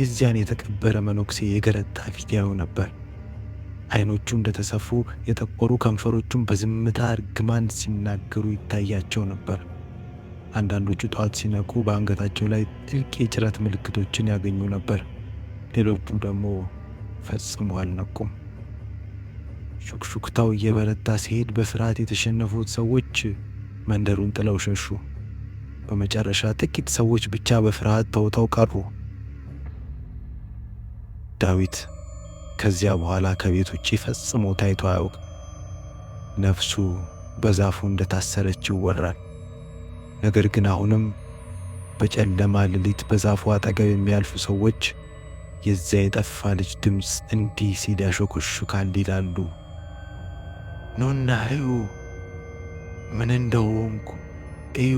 የዚያን የተቀበረ መነኩሴ የገረጣ ፊት ያዩ ነበር። አይኖቹ እንደተሰፉ የጠቆሩ ከንፈሮቹም በዝምታ እርግማን ሲናገሩ ይታያቸው ነበር። አንዳንዶቹ ጠዋት ሲነቁ በአንገታቸው ላይ ጥልቅ የጭረት ምልክቶችን ያገኙ ነበር። ሌሎቹ ደግሞ ፈጽሞ አልነቁም። ሹክሹክታው እየበረታ ሲሄድ በፍርሃት የተሸነፉት ሰዎች መንደሩን ጥለው ሸሹ። በመጨረሻ ጥቂት ሰዎች ብቻ በፍርሃት ተውተው ቀሩ። ዳዊት ከዚያ በኋላ ከቤት ውጪ ፈጽሞ ታይቶ አያውቅ። ነፍሱ በዛፉ እንደታሰረች ይወራል። ነገር ግን አሁንም በጨለማ ሌሊት በዛፉ አጠገብ የሚያልፉ ሰዎች የዚያ የጠፋ ልጅ ድምፅ እንዲህ ሲል ያሾኩሹካል ይላሉ። ኑና እዩ፣ ምን እንደሆንኩ እዩ።